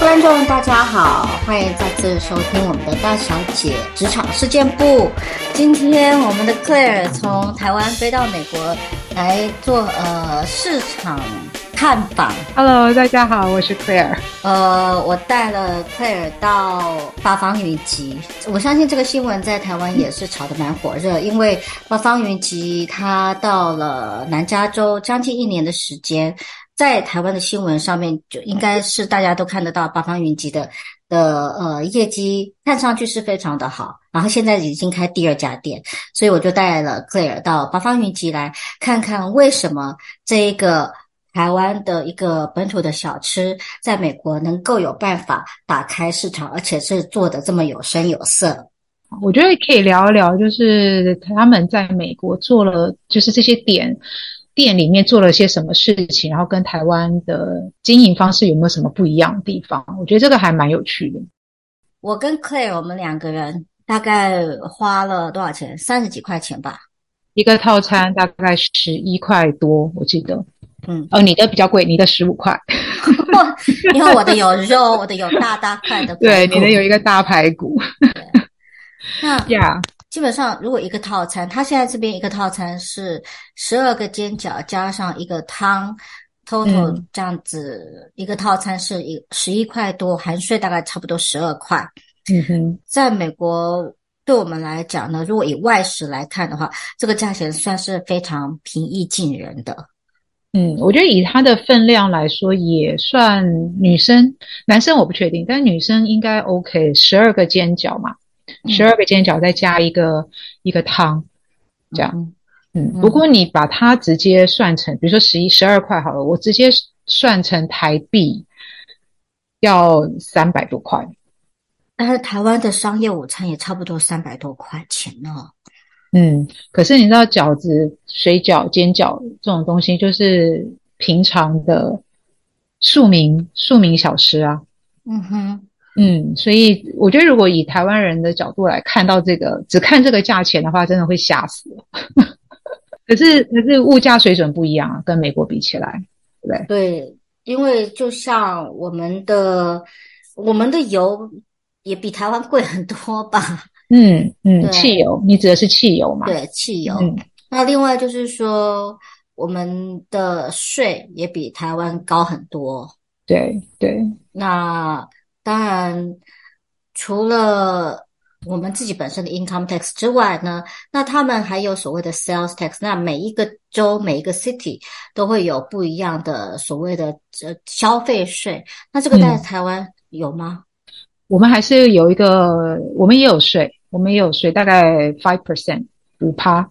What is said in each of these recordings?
觀眾大家好，歡迎再次收聽我們的《大小姐職場事件簿》。今天我們的 Claire 從台灣飛到美國來做呃市場探訪。Hello，大家好，我是 Claire。呃，我帶了 Claire 到八方雲集。我相信這個新聞在台灣也是炒得蠻火熱，因為八方雲集它到了南加州將近一年的時間。在台灣的新聞上面，就應該是大家都看得到八方雲集的的呃業績，看上去是非常的好。然後現在已經開第二家店，所以我就帶了 Clair 到八方雲集來看看，為什麼這一個台灣的一個本土的小吃，在美國能夠有辦法打開市場，而且是做的這麼有聲有色。我覺得可以聊一聊，就是他們在美國做了，就是這些點。店裡面做了些什麼事情，然後跟台灣的經營方式有沒有什麼不一樣的地方？我覺得這個還蠻有趣的。我跟 Claire 我們兩個人大概花了多少錢？三十幾塊錢吧。一個套餐大概十一塊多，我記得。嗯，哦，你的比較貴，你的十五塊。 因為我的有肉，我的有大大塊的。對，你的有一個大排骨。 對，那呀。Yeah. 基本上，如果一個套餐，他現在這邊一個套餐是十二個煎餃加上一個湯，total 這樣子一個套餐是十一塊多，嗯、含稅大概差不多十二塊。嗯哼，在美國對我們來講呢，如果以外食來看的話，這個價錢算是非常平易近人的。嗯，我覺得以它的分量來說，也算女生、男生我不確定，但女生應該 OK，十二個煎餃嘛。十二個煎餃再加一個、嗯、一個湯，這樣，嗯。不過、嗯、你把它直接算成，嗯、比如說十一十二塊好了，我直接算成台幣，要三百多塊。但是、啊、台灣的商業午餐也差不多三百多塊錢了。嗯，可是你知道餃子、水餃、煎餃這種東西，就是平常的庶民庶民小吃啊。嗯哼。嗯，所以我覺得，如果以台灣人的角度來看到這個，只看這個價錢的話，真的會嚇死。 可是可是物價水準不一樣啊，跟美國比起來，對不對？對，因為就像我們的我們的油也比台灣貴很多吧？嗯嗯，嗯對汽油，你指的是汽油嘛？對，汽油。嗯，那另外就是說，我們的稅也比台灣高很多。對對，對那。當然，除了我們自己本身的 income tax 之外呢，那他們還有所謂的 sales tax。那每一個州、每一個 city 都會有不一樣的所謂的呃消費稅。那這個在台灣有嗎？嗯，我們還是有一個，我們也有稅，我們也有稅，大概 five percent，五趴。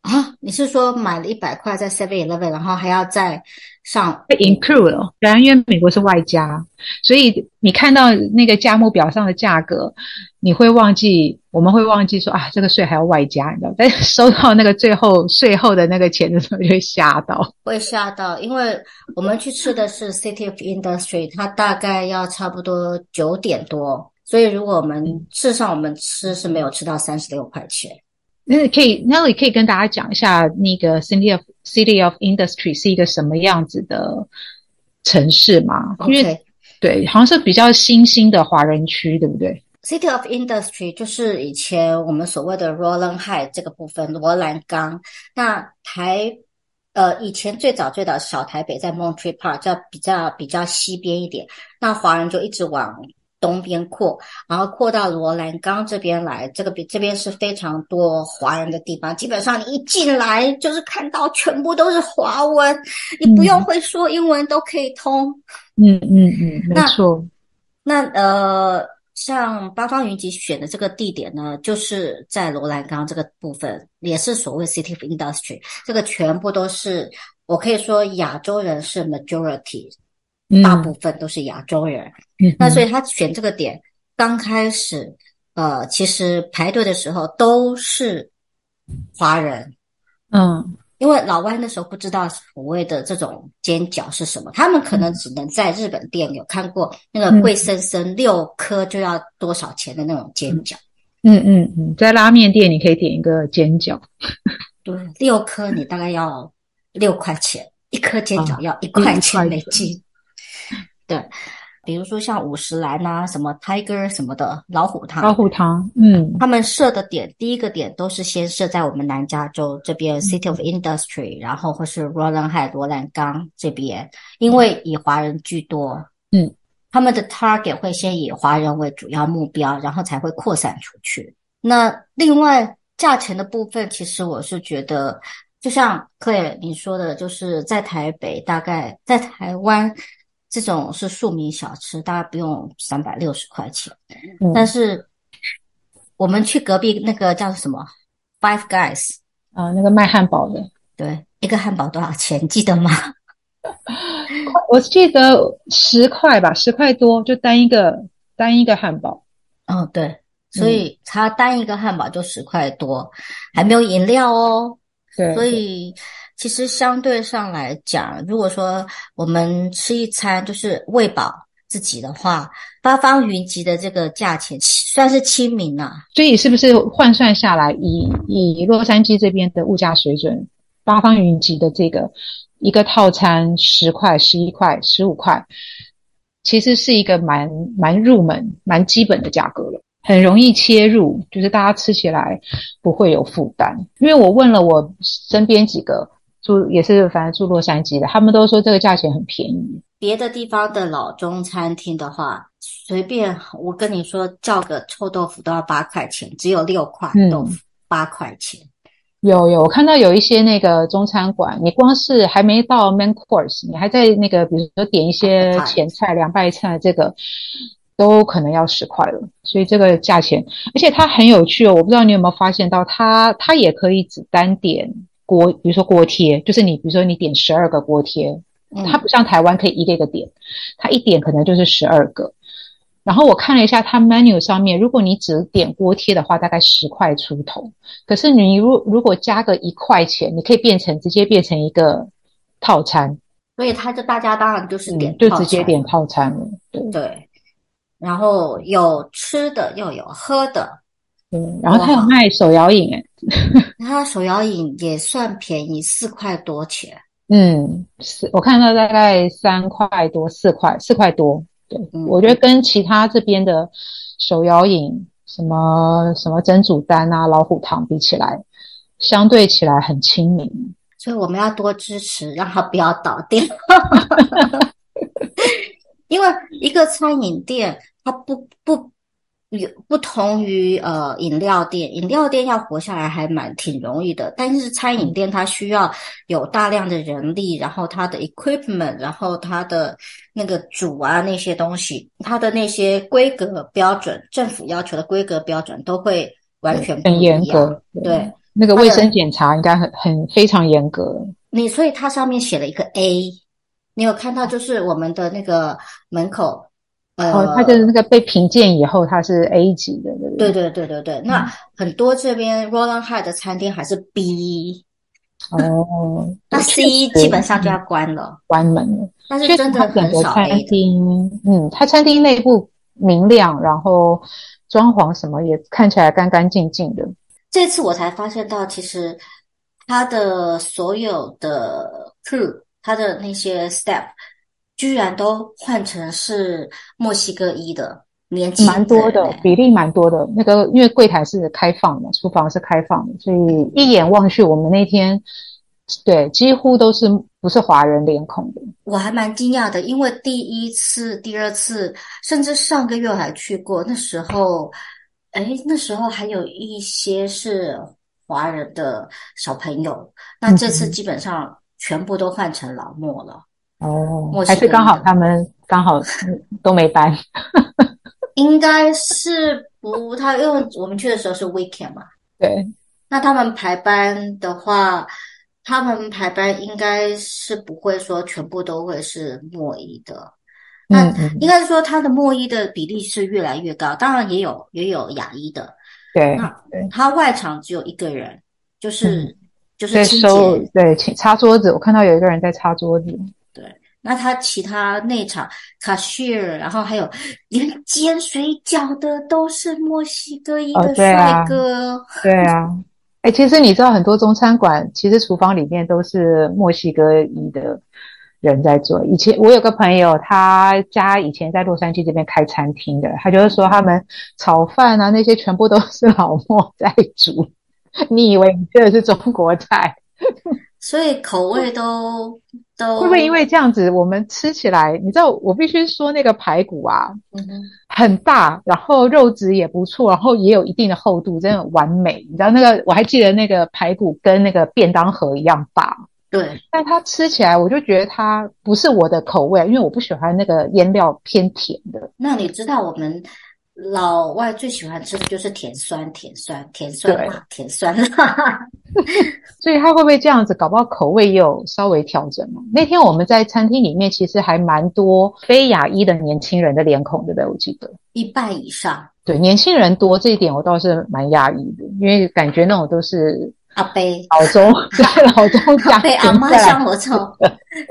啊，你是說買了一百塊在 seven eleven，然後還要再？上被 include，然而因為美國是外加，所以你看到那個價目表上的價格，你會忘記，我們會忘記說啊，這個稅還要外加，你知道，但但收到那個最後稅後的那個錢的時候，就會嚇到，會嚇到，因為我們去吃的是 City of Industry，它大概要差不多九點多，所以如果我們事實上我們吃是沒有吃到三十六塊錢。那可以，那也可以跟大家講一下那個 City of City of Industry 是一個什麼樣子的城市嘛？Okay. 因為對，好像是比較新興的華人區，對不對？City of Industry 就是以前我們所謂的 Rowland Heights 這個部分，羅蘭岡。那台呃，以前最早最早小台北在 Monterey Park，在比較比較西邊一點，那華人就一直往東邊擴，然後擴到羅蘭崗這邊來。這個邊這邊是非常多華人的地方，基本上你一進來就是看到全部都是華文，嗯、你不用會說英文都可以通。嗯嗯嗯，沒錯。那，那呃，像八方雲集選的這個地點呢，就是在羅蘭崗這個部分，也是所謂 City of Industry，這個全部都是我可以說亞洲人是 majority。大部分都是亞洲人，嗯、那所以他選這個點。剛、嗯、開始，呃，其實排隊的時候都是華人，嗯，因為老外那時候不知道所謂的這種煎餃是什麼，嗯、他們可能只能在日本店有看過那個貴森森六顆就要多少錢的那種煎餃、嗯，嗯嗯嗯，在拉面店你可以點一個煎餃， 對，六顆你大概要六塊錢，一顆煎餃要一塊錢美金。嗯嗯嗯 對，比如說像五十嵐吶，什麼 Tiger 什麼的老虎堂，老虎堂，嗯，他們設的點，第一個點都是先設在我們南加州這邊、嗯、City of Industry，然後或是 Rowland Heights，羅蘭崗這邊，因為以華人居多，嗯，他們的 Target 會先以華人為主要目標，然後才會擴散出去。那另外價錢的部分，其實我是覺得，就像 Claire 你說的，就是在台北，大概在台灣。這種是庶民小吃，大概不用三百六十塊錢。嗯、但是我們去隔壁那個叫什麼 Five Guys 啊，那個賣漢堡的，對，一個漢堡多少錢？記得嗎？我記得十塊吧，十塊多，就單一個單一個漢堡。嗯、哦，對，所以它單一個漢堡就十塊多，嗯、還沒有飲料哦。對，所以。其實相對上來講，如果說我們吃一餐就是餵飽自己的話，八方雲集的這個價錢算是親民了啊。所以是不是換算下來，以以洛杉磯這邊的物價水準，八方雲集的這個一個套餐十塊、十一塊、十五塊，其實是一個蠻蠻入門、蠻基本的價格了，很容易切入，就是大家吃起來不會有負擔。因為我問了我身邊幾個。住也是，反正住洛杉磯的，他們都說這個價錢很便宜。別的地方的老中餐廳的話，隨便我跟你說，叫個臭豆腐都要八塊錢，只有六塊，嗯，八塊錢。有有，我看到有一些那個中餐館，你光是還沒到 main course，你還在那個，比如說點一些前菜、涼拌菜，這個都可能要十塊了。所以這個價錢，而且它很有趣哦，我不知道你有沒有發現到它，它它也可以只單點。鍋，比如說鍋貼，就是你，比如說你點十二個鍋貼，它不像台灣可以一個一個點，它一點可能就是十二個。然後我看了一下它 menu 上面，如果你只點鍋貼的話，大概十塊出頭。可是你如如果加個一塊錢，你可以變成直接變成一個套餐。所以他就大家當然就是點套餐，嗯，就直接點套餐了，對，對。然後有吃的又有喝的。嗯，然後他有賣手搖飲誒，他哇 手搖飲也算便宜，四塊多錢。嗯，我看到大概三塊多，四塊，四塊多。對，嗯、我覺得跟其他這邊的手搖飲，什麼什麼珍煮丹啊、老虎堂比起來，相對起來很親民。所以我們要多支持，讓他不要倒店。 因為一個餐飲店，他不不。有不同於呃飲料店，飲料店要活下來還蠻挺容易的，但是餐飲店它需要有大量的人力，嗯、然後它的 equipment，然後它的那個組啊那些東西，它的那些規格標準，政府要求的規格標準都會完全不一樣，很嚴格，對，對那個衛生檢查應該很很非常嚴格。你所以它上面寫了一個 A，你有看到就是我們的那個門口。哦，它的那個被評鑑以後，它是 A 級的，對對，對對對對對。那很多這邊 Rowland Heights 的餐廳還是 B、嗯。哦，那 C 基本上就要關了，關門了。但是真的很多餐廳，的嗯，它餐廳內部明亮，然後裝潢什麼也看起來乾乾淨淨的。這次我才發現到，其實它的所有的 crew，它的那些 step。居然都換成是墨西哥裔的年輕人、欸，蠻多的比例，蠻多的那個，因為櫃檯是開放的，廚房是開放的，所以一眼望去，我們那天對幾乎都是不是華人臉孔的。我還蠻驚訝的，因為第一次、第二次，甚至上個月我還去過，那時候，哎，那時候還有一些是華人的小朋友，那這次基本上全部都換成老墨了。嗯哦，還是剛好他們剛好都沒班，哦、沒班 應該是不，他因為我們去的時候是 weekend 嘛。對，那他們排班的話，他們排班應該是不會說全部都會是墨裔的，嗯、那應該是說他的墨裔的比例是越來越高，當然也有也有亞裔的，對，那他外場只有一個人，就是、嗯、就是清潔，對，擦桌子，我看到有一個人在擦桌子。那他其他那場 cashier，然後還有連煎水餃的都是墨西哥裔的帥哥，哦。對啊。哎、啊，其實你知道很多中餐館，其實廚房裡面都是墨西哥裔的人在做。以前我有個朋友，他家以前在洛杉磯這邊開餐廳的，他就是說他們炒飯啊那些全部都是老墨在煮。 你以為你這個是中國菜？ 所以口味都、哦、都會不會因為這樣子，我們吃起來，你知道，我必須說那個排骨啊，嗯哼，很大，然後肉質也不錯，然後也有一定的厚度，真的完美。你知道那個，我還記得那個排骨跟那個便當盒一樣大。對，但它吃起來，我就覺得它不是我的口味，因為我不喜歡那個醃料偏甜的。那你知道我們？老外最喜歡吃的就是甜酸、甜酸、甜酸辣對、啊、甜酸辣，哈哈，所以他會不會這樣子，搞不好口味又稍微調整？那天我們在餐廳裡面，其實還蠻多非亞裔的年輕人的臉孔，對不對？我記得一半以上，對，年輕人多這一點我倒是蠻訝異的，因為感覺那種都是阿伯、老中、 老中、阿伯阿嬤、像我這種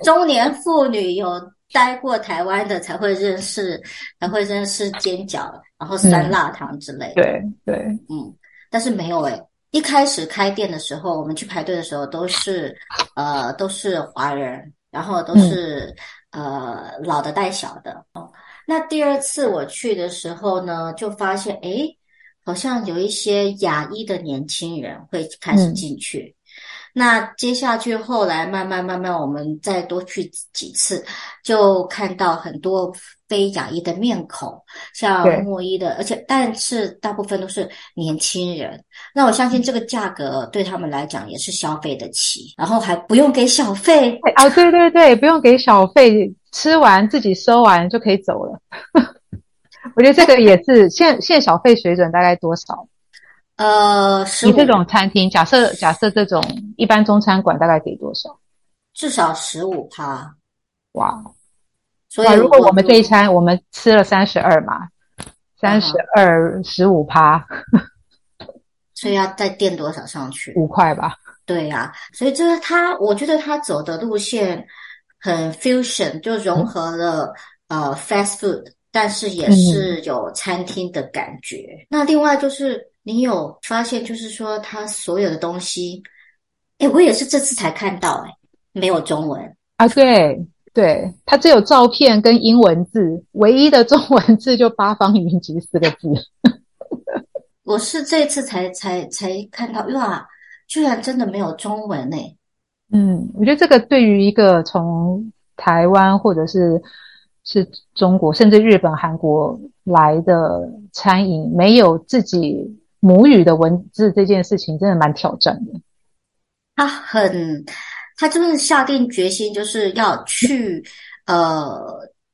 中年婦女有。待過台灣的才會認識，才會認識煎餃，然後酸辣湯之類的、嗯。對對，嗯，但是沒有誒、欸，一開始開店的時候，我們去排隊的時候都是，呃，都是華人，然後都是、嗯、呃老的帶小的。哦，那第二次我去的時候呢，就發現誒，好像有一些亞裔的年輕人會開始進去。嗯那接下去後來慢慢慢慢，我們再多去幾次，就看到很多非亞裔的面孔，像墨裔的，而且但是大部分都是年輕人。那我相信這個價格對他們來講也是消費得起，然後還不用給小費、哎。哦，對對對，不用給小費，吃完自己收完就可以走了。 我覺得這個也是，現現在小費水準大概多少？呃，uh, 15，你這種餐廳，假設假設這種一般中餐館大概給多少？至少十五趴。哇，Wow 所以如果、啊、如果我們這一餐我們吃了三十二嘛，三十二，十五趴，huh. 所以要再墊多少上去？五塊吧。對呀、啊，所以就是他，我覺得他走的路線很 fusion，就融合了，嗯、呃 fast food，但是也是有餐廳的感覺。嗯、那另外就是。你有發現，就是說他所有的東西，誒、欸、我也是這次才看到、欸，誒沒有中文。啊，對，對，他只有照片跟英文字，唯一的中文字就“八方雲集”四個字。 我是這次才才才看到，哇，居然真的沒有中文誒、欸、嗯，我覺得這個對於一個從台灣或者是是中國，甚至日本、韓國來的餐飲，沒有自己母語的文字這件事情真的蠻挑戰的。他很，他真的下定決心，就是要去呃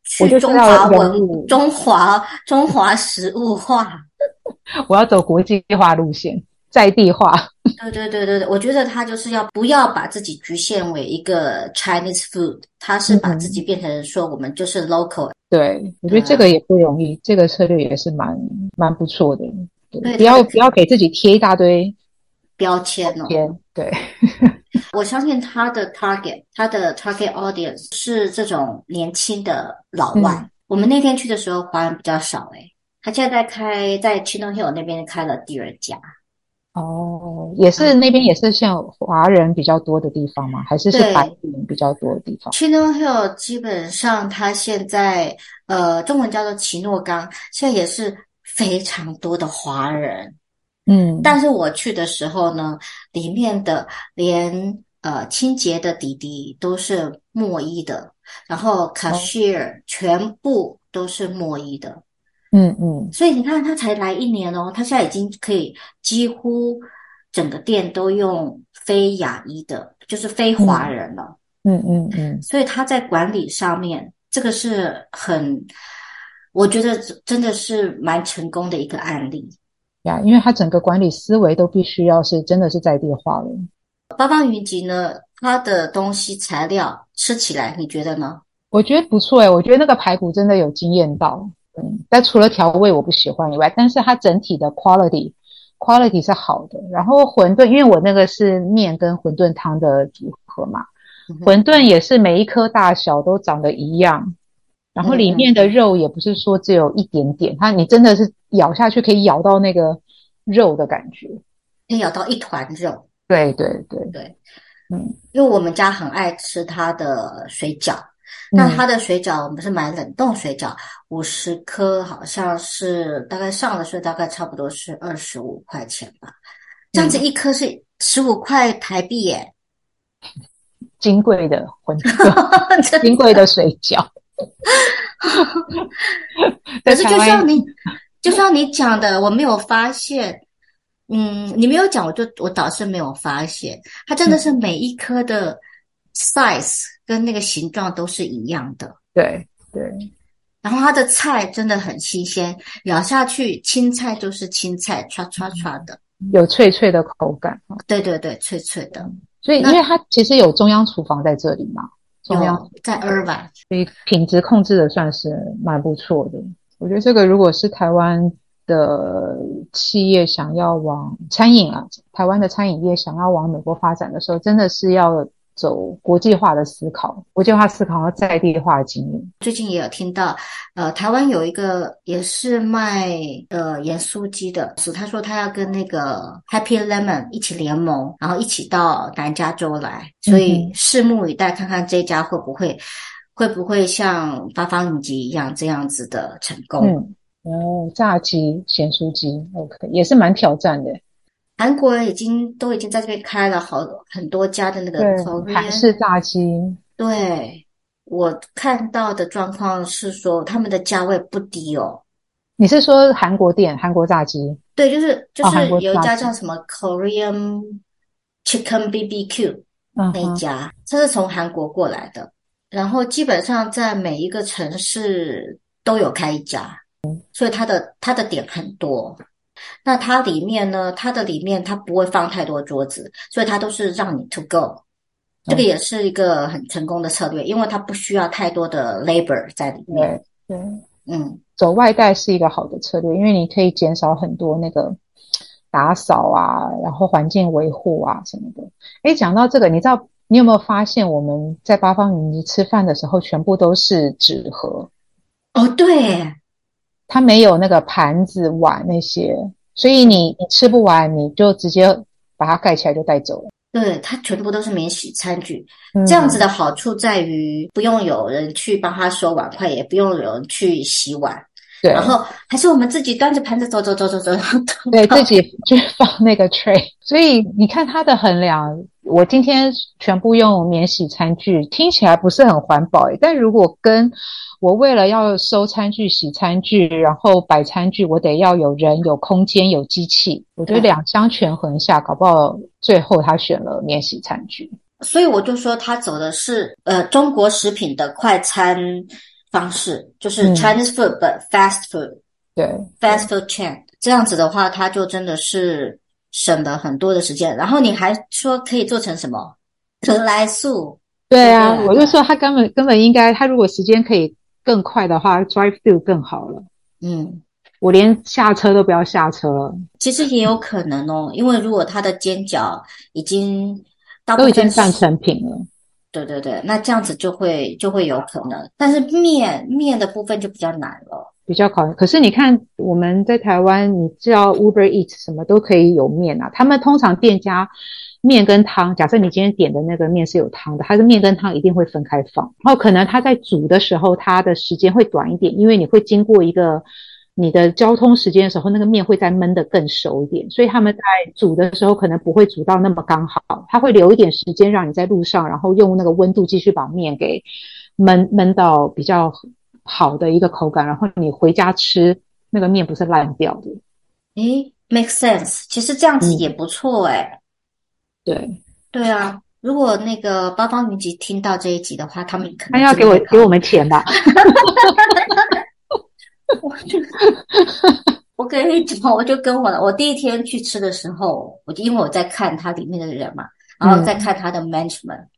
去中華文物、中華中華食物化。 我要走國際化路線，在地化。對對對對對，我覺得他就是要不要把自己局限為一個 Chinese food，他是把自己變成說我們就是 local、嗯。對我覺得這個也不容易，啊、這個策略也是蠻蠻不錯的。對對不要對不要給自己貼一大堆標籤哦。籤對， 我相信他的 target，他的 target audience 是這種年輕的老外。是我們那天去的時候，華人比較少誒，他現在在開，在 Chino Hills 那邊開了第二家。哦，也是、嗯、那邊也是像華人比較多的地方嗎？還是是白人比較多的地方對？Chino Hills 基本上，他現在呃，中文叫做奇諾崗，現在也是。非常多的華人，嗯，但是我去的時候呢，裡面的連呃清潔的弟弟都是墨裔的，然後 cashier 全部都是墨裔的，嗯、哦、嗯，嗯，所以你看他才來一年哦，他現在已經可以幾乎整個店都用非亞裔的，就是非華人了，嗯嗯嗯，嗯嗯嗯，所以他在管理上面這個是很。我覺得真的是蠻成功的一個案例，呀，因為它整個管理思維都必須要是真的是在地化了。八方雲集呢，它的東西材料吃起來你覺得呢？我覺得不錯誒、欸、我覺得那個排骨真的有驚艷到。嗯，但除了調味我不喜歡以外，但是它整體的 quality quality 是好的。然後餛飩，因為我那個是麵跟餛飩湯的組合嘛，嗯、哼餛飩也是每一顆大小都長得一樣。然後裡面的肉也不是說只有一點點，嗯嗯、它你真的是咬下去可以咬到那個肉的感覺，可以咬到一團肉。對對對對，對對對嗯，因為我們家很愛吃它的水餃，那它的水餃我們是買冷凍水餃，五十顆好像是大概上了是，大概差不多是二十五塊錢吧，嗯、這樣子一顆是十五塊台幣耶，金貴的餛飩， 的金貴的水餃。 可是，就像你， 就像你講的，我沒有發現，嗯，你沒有講，我就我倒是沒有發現，它真的是每一顆的 size 跟那個形狀都是一樣的，對對。對然後它的菜真的很新鮮，咬下去青菜就是青菜，刷刷刷的，有脆脆的口感。對對對，脆脆的。所以，因為它其實有中央廚房在這裡嘛。重在二百，所以品質控制的算是蠻不錯的。我覺得這個如果是台灣的企業想要往餐飲啊，台灣的餐飲業想要往美國發展的時候，真的是要。走國際化的思考，國際化思考和在地化的經營。最近也有聽到，呃，台灣有一個也是賣呃鹽酥雞的，是他說他要跟那個 Happy Lemon 一起聯盟，然後一起到南加州來，所以拭目以待，看看這家會不會、嗯、會不會像八方雲集一樣這樣子的成功。哦、嗯，然後炸雞、鹹酥雞，OK，也是蠻挑戰的。韓國人已經都已經在這邊開了好很多家的那個韓式炸雞。對，我看到的狀況是說他們的價位不低哦。你是說韓國店、韓國炸雞？對，就是就是有一家叫什麼 Korean Chicken BBQ，哦，那一家，它是從韓國過來的，然後基本上在每一個城市都有開一家，所以它的它的點很多。那它裡面呢？它的裡面，它不會放太多桌子，所以它都是讓你 to go。這個也是一個很成功的策略，因為它不需要太多的 labor 在裡面。對，對。嗯，走外帶是一個好的策略，因為你可以減少很多那個打掃啊，然後環境維護啊什麼的。誒，講到這個，你知道你有沒有發現我們在八方雲集吃飯的時候，全部都是紙盒？哦，對。它沒有那個盤子碗那些，所以你吃不完你就直接把它蓋起來就帶走了。對，它全部都是免洗餐具，嗯、這樣子的好處在於不用有人去幫他收碗筷，也不用有人去洗碗。對，然後還是我們自己端着盤子走走走走走走。對，自己去放那個 tray。所以你看它的衡量，我今天全部用免洗餐具，聽起來不是很環保。哎，但如果跟我為了要收餐具，洗餐具，然後擺餐具，我得要有人、有空間、有機器。我覺得兩相權衡一下，對搞不好最後他選了免洗餐具。所以我就說他走的是呃中國食品的快餐方式，就是 Chinese food，but fast food，對，fast food chain。這樣子的話，他就真的是省了很多的時間。然後你還說可以做成什麼得、就是、來速。對啊，者我就說他根本根本應該，他如果時間可以。更快的話，drive through 更好了。嗯，我連下車都不要下車了。其實也有可能哦，因為如果它的煎餃已經大部分都已經半成品了，對對對，那這樣子就會就會有可能，但是麵麵的部分就比較難了。比較考驗，可是你看我們在台灣，你知道 Uber Eat 什麼都可以有麵啊。他們通常店家麵跟湯，假設你今天點的那個麵是有湯的，他的麵跟湯一定會分開放。然後可能他在煮的時候，他的時間會短一點，因為你會經過一個你的交通時間的時候，那個麵會再燜得更熟一點。所以他們在煮的時候，可能不會煮到那麼剛好，他會留一點時間讓你在路上，然後用那個溫度繼續把麵給燜燜到比較。好的一個口感，然後你回家吃那個麵不是爛掉的。哎，make sense，其實這樣子也不錯哎。嗯、對對啊，如果那個八方雲集聽到這一集的話，他們可能他要給我給我們錢吧。 我就我跟你講，我就跟我我第一天去吃的時候，我就因為我在看他裡面的人嘛，然後在看他的 management，、嗯、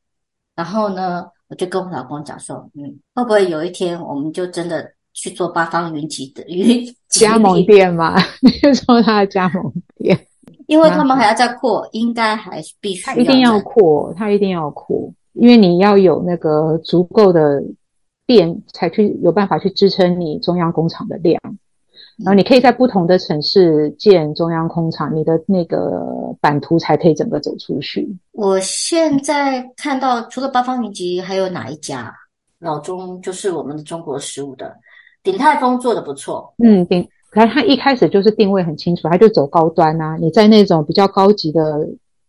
然後呢。我就跟我老公講說，嗯，會不會有一天我們就真的去做八方雲集的雲集加盟店嘛？ 你就說他的加盟店，因為他們還要再擴，應該還是必須他一定要擴，他一定要擴，因為你要有那個足夠的店，才去有辦法去支撐你中央工廠的量。然後你可以在不同的城市建中央工廠，你的那個版圖才可以整個走出去。我現在看到除了八方雲集，還有哪一家？老中就是我們的中國食物的鼎泰豐做的不錯。嗯，鼎，可他一開始就是定位很清楚，他就走高端啊。你在那種比較高級的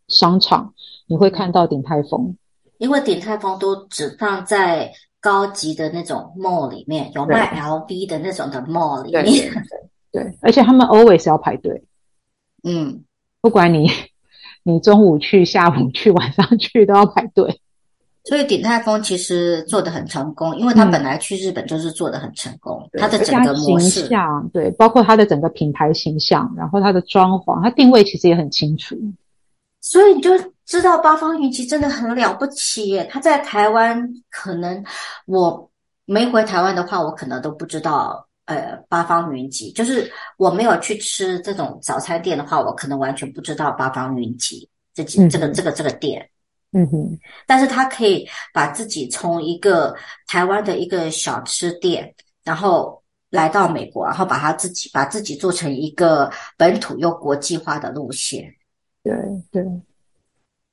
商場，你會看到鼎泰豐。因為鼎泰豐都只放在。高級的那種 mall 裡面有賣 LV 的那種的 mall 裡面，對對對對、對，而且他們 always 要排隊。嗯，不管你你中午去、下午去、晚上去，都要排隊。所以鼎泰豐其實做得很成功，因為他本來去日本就是做得很成功，嗯、他的整個模式、他的形象，對，包括他的整個品牌形象，然後他的裝潢，他定位其實也很清楚。所以你就。知道八方雲集真的很了不起耶。他在台灣，可能我沒回台灣的話，我可能都不知道。呃，八方雲集就是我沒有去吃這種早餐店的話，我可能完全不知道八方雲集這幾這個這個、這個、這個店。嗯哼。但是他可以把自己從一個台灣的一個小吃店，然後來到美國，然後把他自己把自己做成一個本土又國際化的路線。對對。對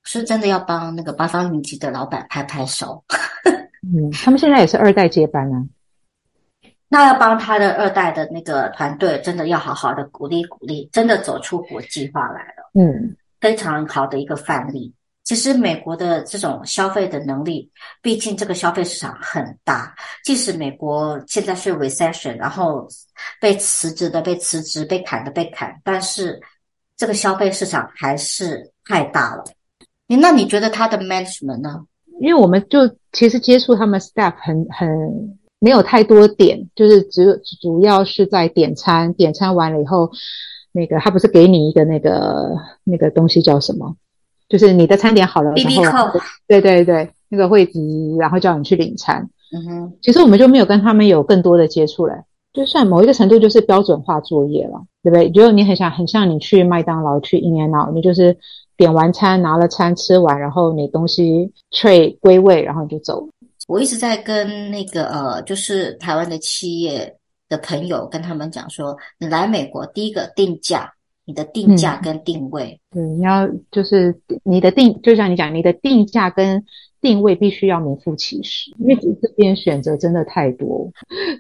是真的要幫那個八方雲集的老闆拍拍手， 嗯，他們現在也是二代接班啊。那要幫他的二代的那個團隊，真的要好好的鼓勵鼓勵，真的走出國際化來了，嗯，非常好的一個範例。其實美國的這種消費的能力，畢竟這個消費市場很大，即使美國現在是 recession，然後被辭職的被辭職，被砍的被砍，但是這個消費市場還是太大了。那你覺得他的 management 呢？因為我們就其實接觸他們 staff 很很沒有太多點，就是只有主要是在點餐，點餐完了以後，那個他不是給你一個那個那個東西叫什麼？就是你的餐點好了，嗶後，對對對，那個會籍，然後叫你去領餐。嗯哼，其實我們就沒有跟他們有更多的接觸了，就算某一個程度就是標準化作業了，對不對？就你很想很像你去麥當勞去 In-N-Out，你就是。點完餐，拿了餐，吃完，然後你東西 tray 歸位，然後你就走。我一直在跟那個呃，就是台灣的企業的朋友，跟他們講說，你來美國，第一個定價，你的定價跟定位，嗯、對，你要就是你的定，就像你講，你的定價跟。定位必須要名副其實，因為這邊選擇真的太多，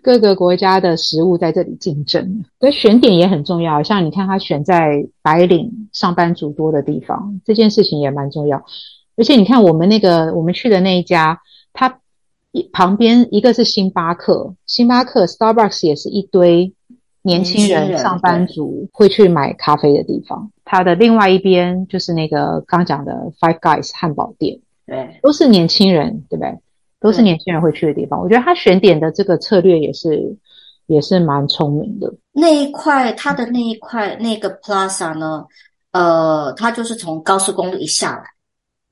各個國家的食物在這裡競爭，所以選點也很重要。像你看，他選在白領、上班族多的地方，這件事情也蠻重要。而且你看，我們那個我們去的那一家，他一旁邊一個是星巴克，星巴克 （Starbucks） 也是一堆年輕人、上班族會去買咖啡的地方。他的另外一邊就是那個剛講的 Five Guys 漢堡店。對，都是年輕人，對不對？都是年輕人會去的地方。對。我覺得他選點的這個策略也是，也是蠻聰明的。那一塊，他的那一塊，那個 plaza 呢，呃，它就是從高速公路一下來。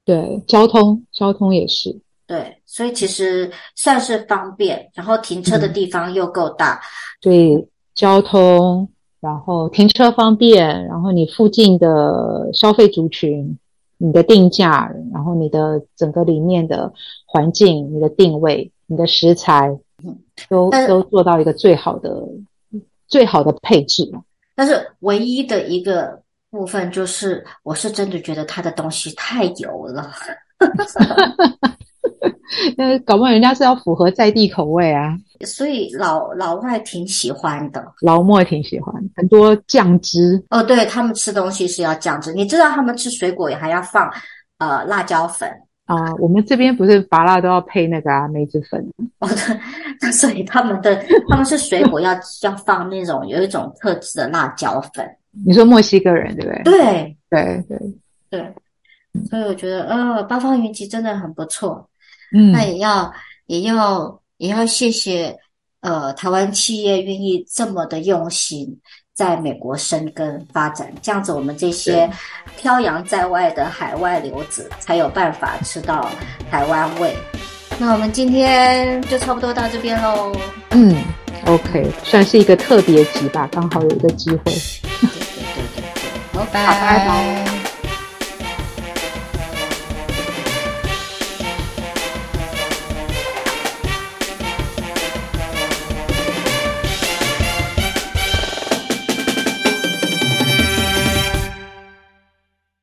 對，交通，交通也是。對，所以其實算是方便，然後停車的地方又夠大。嗯。對，交通，然後停車方便，然後你附近的消費族群，你的定價，然後你的整個裡面的環境、你的定位、你的食材，都都做到一個最好的、嗯、最好的配置。但是唯一的一個部分就是，我是真的覺得它的東西太油了。 那搞不好人家是要符合在地口味啊，所以老老外挺喜歡的，老墨也挺喜歡，很多醬汁哦，對，他們吃東西是要醬汁。你知道他們吃水果也還要放呃辣椒粉啊。我們這邊不是芭樂都要配那個啊梅子粉，哦，那所以他們的他們是水果要 要放那種有一種特制的辣椒粉。你說墨西哥人對不對？對對對對，所以我覺得呃，八方雲集真的很不錯。那也要，嗯、也要，也要謝謝，呃，台灣企業願意這麼的用心，在美國生根發展，這樣子我們這些漂洋在外的海外留子才有辦法吃到台灣味。那我們今天就差不多到這邊嘍。嗯，OK，算是一個特別集吧，剛好有一個機會。 對對對對對，拜拜。Okay, Bye 好 bye bye